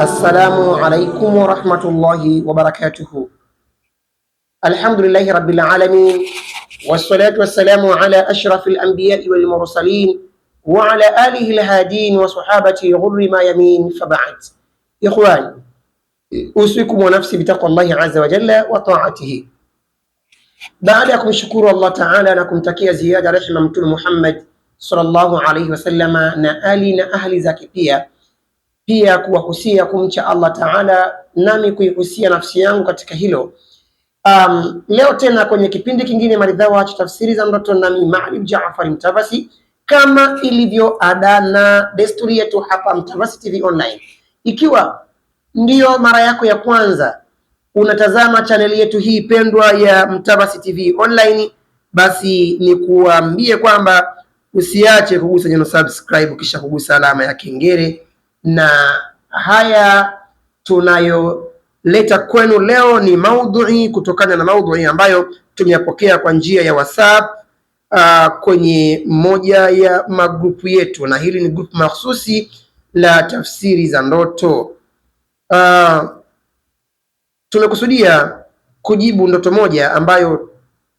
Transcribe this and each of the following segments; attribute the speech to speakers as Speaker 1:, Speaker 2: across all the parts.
Speaker 1: السلام عليكم ورحمة الله وبركاته الحمد لله رب العالمين والصلاة والسلام على أشرف الأنبياء والمرسلين وعلى آله الهادين وصحابته غر ما يمين فبعد إخواني أوصيكم ونفسي بتقوى الله عز وجل وطاعته Baada ya kumshukuru Allah Taala na kumtakia ziada rehma Mtume Muhammad sallallahu alayhi wasallam na ali na ahli zake, pia pia kuwahusia kumcha Allah Taala, nami kuihusia nafsi yangu katika hilo. Um, leo tena kwenye kipindi kingine maridhawa cha tafsiri za ndoto, nami Maalim Jaafar Mtavassy, kama ilivyo ada na desturi yetu hapa Mtavassy TV Online. Ikiwa ndiyo mara yako ya kwanza unatazama chaneli yetu hii pendwa ya Mtavassy TV online, basi ni kuambie kwamba usiache kugusa neno subscribe, kisha kugusa alama ya kengele. Na haya tunayoleta kwenu leo ni maudhui, kutokana na maudhui ambayo tumeyapokea kwa njia ya WhatsApp uh, kwenye moja ya magrupu yetu, na hili ni grupu mahususi la tafsiri za ndoto uh, Tumekusudia kujibu ndoto moja ambayo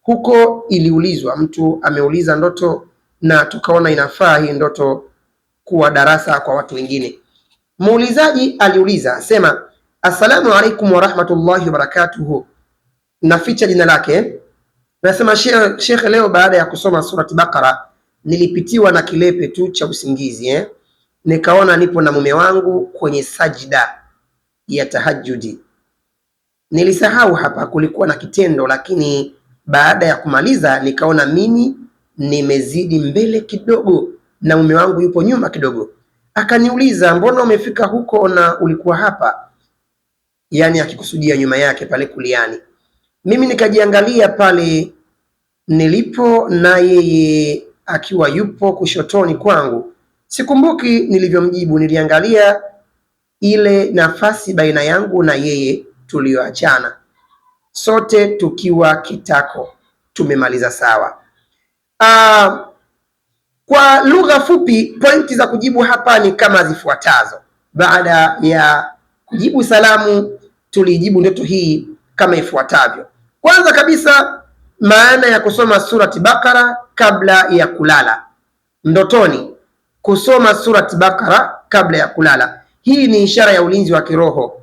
Speaker 1: huko iliulizwa, mtu ameuliza ndoto na tukaona inafaa hii ndoto kuwa darasa kwa watu wengine. Muulizaji aliuliza sema, assalamu alaikum warahmatullahi wabarakatuhu. Naficha jina lake, nasema shekhe, leo baada ya kusoma surati Bakara nilipitiwa na kilepe tu cha usingizi eh? Nikaona nipo na mume wangu kwenye sajida ya tahajudi Nilisahau hapa, kulikuwa na kitendo lakini baada ya kumaliza nikaona mimi nimezidi mbele kidogo na mume wangu yupo nyuma kidogo. Akaniuliza, mbona umefika huko na ulikuwa hapa? Yaani akikusudia nyuma yake pale kuliani. Mimi nikajiangalia pale nilipo na yeye akiwa yupo kushotoni kwangu. Sikumbuki nilivyomjibu, niliangalia ile nafasi baina yangu na yeye tulioachana, sote tukiwa kitako tumemaliza sawa. Uh, kwa lugha fupi, pointi za kujibu hapa ni kama zifuatazo. Baada ya kujibu salamu, tulijibu ndoto hii kama ifuatavyo. Kwanza kabisa, maana ya kusoma surati Bakara kabla ya kulala ndotoni. Kusoma surati Bakara kabla ya kulala, hii ni ishara ya ulinzi wa kiroho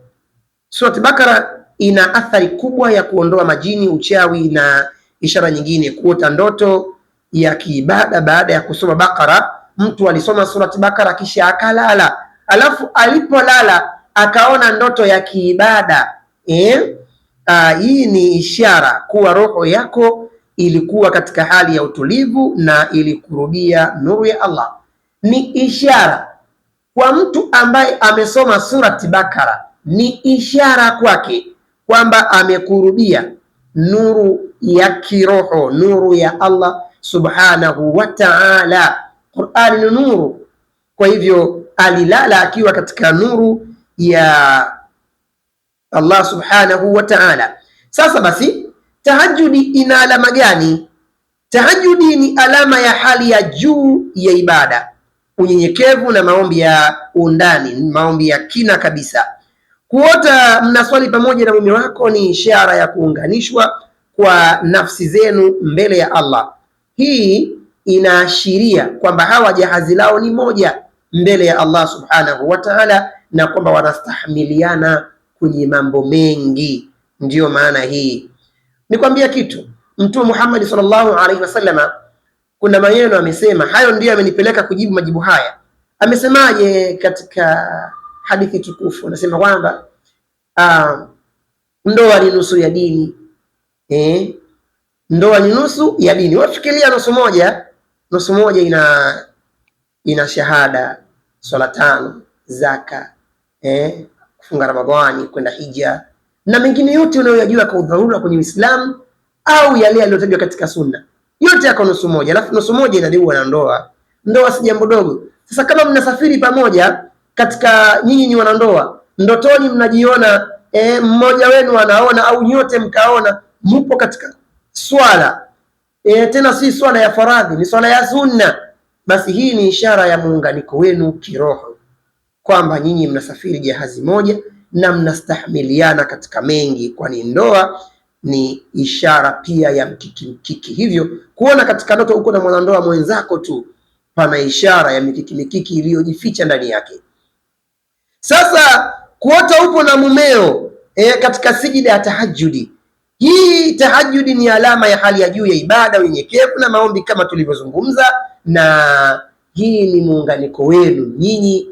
Speaker 1: Surati Bakara ina athari kubwa ya kuondoa majini, uchawi na ishara nyingine. Kuota ndoto ya kiibada baada ya kusoma Bakara. Mtu alisoma surati Bakara kisha akalala, alafu alipolala akaona ndoto ya kiibada eh? Aa, ah, hii ni ishara kuwa roho yako ilikuwa katika hali ya utulivu na ilikurudia nuru ya Allah. Ni ishara kwa mtu ambaye amesoma surati Bakara ni ishara kwake kwamba amekurubia nuru ya kiroho, nuru ya Allah subhanahu wa ta'ala. Qur'ani ni nuru, kwa hivyo alilala akiwa katika nuru ya Allah subhanahu wa ta'ala. Sasa basi, tahajudi ina alama gani? Tahajudi ni alama ya hali ya juu ya ibada, unyenyekevu na maombi ya undani, maombi ya kina kabisa. Kuota mnaswali pamoja na mume wako ni ishara ya kuunganishwa kwa nafsi zenu mbele ya Allah. Hii inaashiria kwamba hawa jahazi lao ni moja mbele ya Allah subhanahu wa ta'ala, na kwamba wanastahimiliana kwenye mambo mengi. Ndiyo maana hii, nikwambia kitu, Mtume Muhammad sallallahu alaihi wasallam kuna maneno amesema, hayo ndiyo amenipeleka kujibu majibu haya. Amesemaje katika hadithi tukufu anasema kwamba ah, ndoa ni nusu ya dini eh? Ndoa ni nusu ya dini. Wafikiria nusu moja, nusu moja ina ina shahada, swala tano, zaka eh? kufunga Ramadhani, kwenda hija na mengine yote unayoyajua kwa udharura kwenye Uislamu au yale yaliyotajwa katika Sunna, yote yako nusu moja. Alafu nusu moja inaliwa na ndoa. Ndoa si jambo dogo. Sasa kama mnasafiri pamoja katika nyinyi ni wanandoa, ndotoni mnajiona e, mmoja wenu anaona au nyote mkaona mpo katika swala e, tena si swala ya faradhi, ni swala ya sunna, basi hii ni ishara ya muunganiko wenu kiroho, kwamba nyinyi mnasafiri jahazi moja na mnastahimiliana katika mengi, kwani ndoa ni ishara pia ya mkiki mkiki. Hivyo kuona katika ndoto uko na mwanandoa mwenzako tu pana ishara ya mikiki mikiki iliyojificha ndani yake kuota upo na mumeo e, katika sijida ya tahajudi. Hii tahajudi ni alama ya hali ya juu ya ibada, unyenyekevu na maombi kama tulivyozungumza, na hii ni muunganiko wenu nyinyi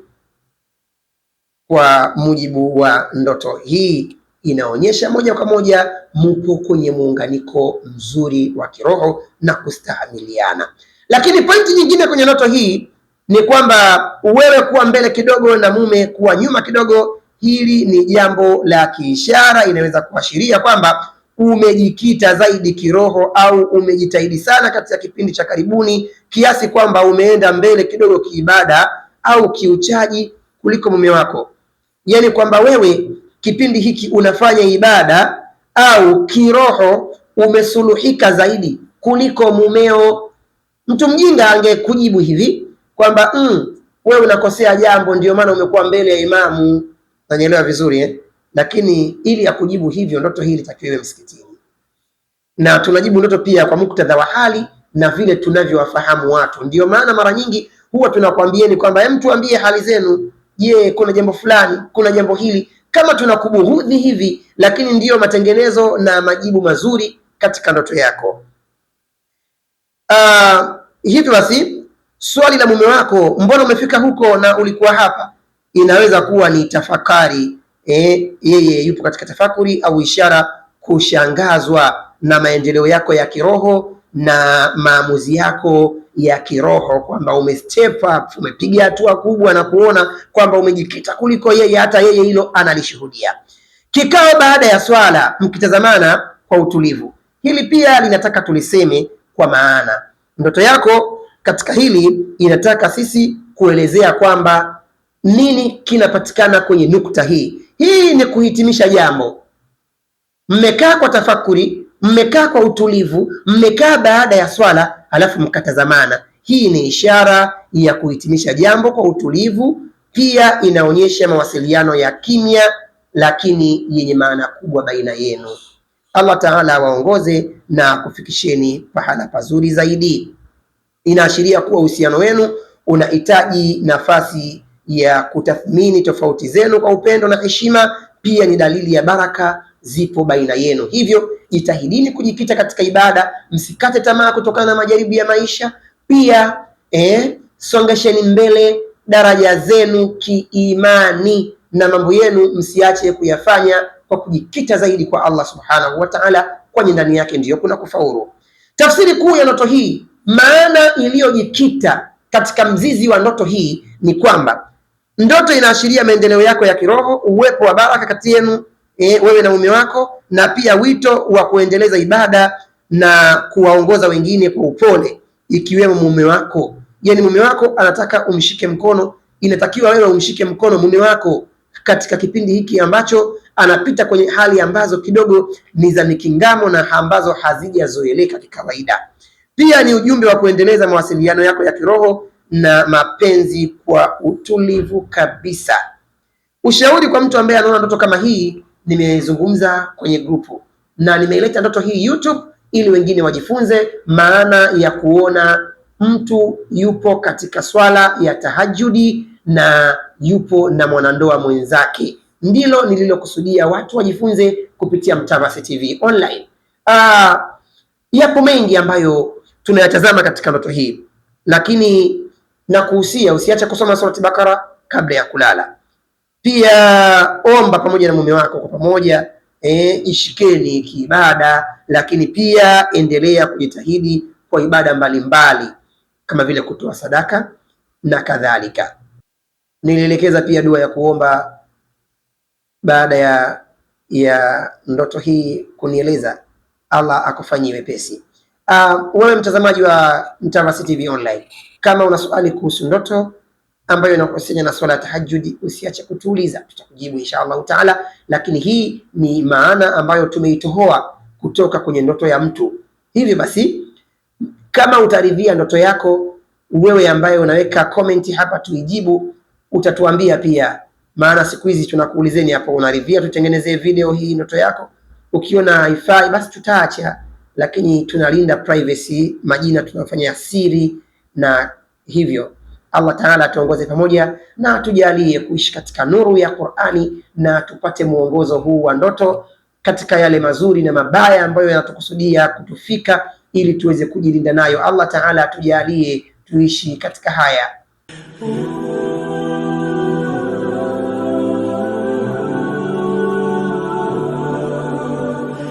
Speaker 1: kwa mujibu wa ndoto hii inaonyesha moja kwa moja mupo kwenye muunganiko mzuri wa kiroho na kustahamiliana. Lakini pointi nyingine kwenye ndoto hii ni kwamba wewe kuwa mbele kidogo na mume kuwa nyuma kidogo Hili ni jambo la kiishara, inaweza kuashiria kwamba umejikita zaidi kiroho au umejitahidi sana katika kipindi cha karibuni kiasi kwamba umeenda mbele kidogo kiibada au kiuchaji kuliko mume wako. Yaani kwamba wewe kipindi hiki unafanya ibada au kiroho umesuluhika zaidi kuliko mumeo. Mtu mjinga angekujibu hivi kwamba mm, wewe unakosea jambo, ndio maana umekuwa mbele ya imamu Nanyelewa vizuri eh? Lakini ili ya kujibu hivyo ndoto hii ilitakiwa iwe msikitini, na tunajibu ndoto pia kwa muktadha wa hali na vile tunavyowafahamu watu. ndio maana mara nyingi huwa tunakwambieni kwamba hem, ambie hali zenu. Je, kuna jambo fulani, kuna jambo hili kama tunakubuhudhi hivi, lakini ndiyo matengenezo na majibu mazuri katika ndoto yako. Uh, hivyo basi swali la mume wako, mbona umefika huko na ulikuwa hapa? inaweza kuwa ni tafakari eh, yeye yupo katika tafakuri au ishara kushangazwa na maendeleo yako ya kiroho na maamuzi yako ya kiroho kwamba ume step up, umepiga hatua kubwa na kuona kwamba umejikita kuliko yeye, hata yeye hilo analishuhudia. Kikao baada ya swala mkitazamana kwa utulivu, hili pia linataka tuliseme, kwa maana ndoto yako katika hili inataka sisi kuelezea kwamba nini kinapatikana kwenye nukta hii? Hii ni kuhitimisha jambo. Mmekaa kwa tafakuri, mmekaa kwa utulivu, mmekaa baada ya swala, alafu mkatazamana. Hii ni ishara ya kuhitimisha jambo kwa utulivu, pia inaonyesha mawasiliano ya kimya lakini yenye maana kubwa baina yenu. Allah Taala awaongoze na kufikisheni pahala pazuri zaidi. Inaashiria kuwa uhusiano wenu unahitaji nafasi ya kutathmini tofauti zenu kwa upendo na heshima, pia ni dalili ya baraka zipo baina yenu. Hivyo jitahidini kujikita katika ibada, msikate tamaa kutokana na majaribu ya maisha. Pia eh, songesheni mbele daraja zenu kiimani, na mambo yenu msiache kuyafanya kwa kujikita zaidi kwa Allah subhanahu wa ta'ala, kwani ndani yake ndiyo kuna kufaulu. Tafsiri kuu ya ndoto hii, maana iliyojikita katika mzizi wa ndoto hii ni kwamba Ndoto inaashiria maendeleo yako ya kiroho, uwepo wa baraka kati yenu e, wewe na mume wako, na pia wito wa kuendeleza ibada na kuwaongoza wengine kwa upole, ikiwemo mume wako. Yani mume wako anataka umshike mkono, inatakiwa wewe umshike mkono mume wako katika kipindi hiki ambacho anapita kwenye hali ambazo kidogo ni za mikingamo na ambazo hazijazoeleka kikawaida. Pia ni ujumbe wa kuendeleza mawasiliano yako ya kiroho na mapenzi kwa utulivu kabisa. Ushauri kwa mtu ambaye anaona ndoto kama hii, nimezungumza kwenye grupu na nimeileta ndoto hii YouTube ili wengine wajifunze maana ya kuona mtu yupo katika swala ya tahajudi na yupo na mwanandoa mwenzake. Ndilo nililokusudia watu wajifunze kupitia Mtavassy TV online. Uh, yapo mengi ambayo tunayatazama katika ndoto hii, lakini na kuhusia usiache kusoma surati Bakara kabla ya kulala. Pia omba pamoja na mume wako kwa pamoja, e, ishikeni kiibada, lakini pia endelea kujitahidi kwa ibada mbalimbali mbali, kama vile kutoa sadaka na kadhalika. Nilielekeza pia dua ya kuomba baada ya ya ndoto hii kunieleza, Allah akufanyie wepesi. Uh, wewe mtazamaji wa Mtavassy TV Online, kama una swali kuhusu ndoto ambayo inakuhusiana na swala ya tahajjudi, usiache kutuuliza, tutakujibu insha Allahu taala. Lakini hii ni maana ambayo tumeitohoa kutoka kwenye ndoto ya mtu. Hivyo basi, kama utaridhia ndoto yako wewe, ambaye unaweka komenti hapa tuijibu, utatuambia pia, maana siku hizi tunakuulizeni hapo, unaridhia tutengenezee video hii ndoto yako? Ukiona haifai basi tutaacha lakini tunalinda privacy, majina tunafanya siri na hivyo Allah Taala atuongoze pamoja na tujalie kuishi katika nuru ya Qur'ani na tupate mwongozo huu wa ndoto katika yale mazuri na mabaya ambayo yanatukusudia kutufika ili tuweze kujilinda nayo. Allah Taala atujalie tuishi katika haya.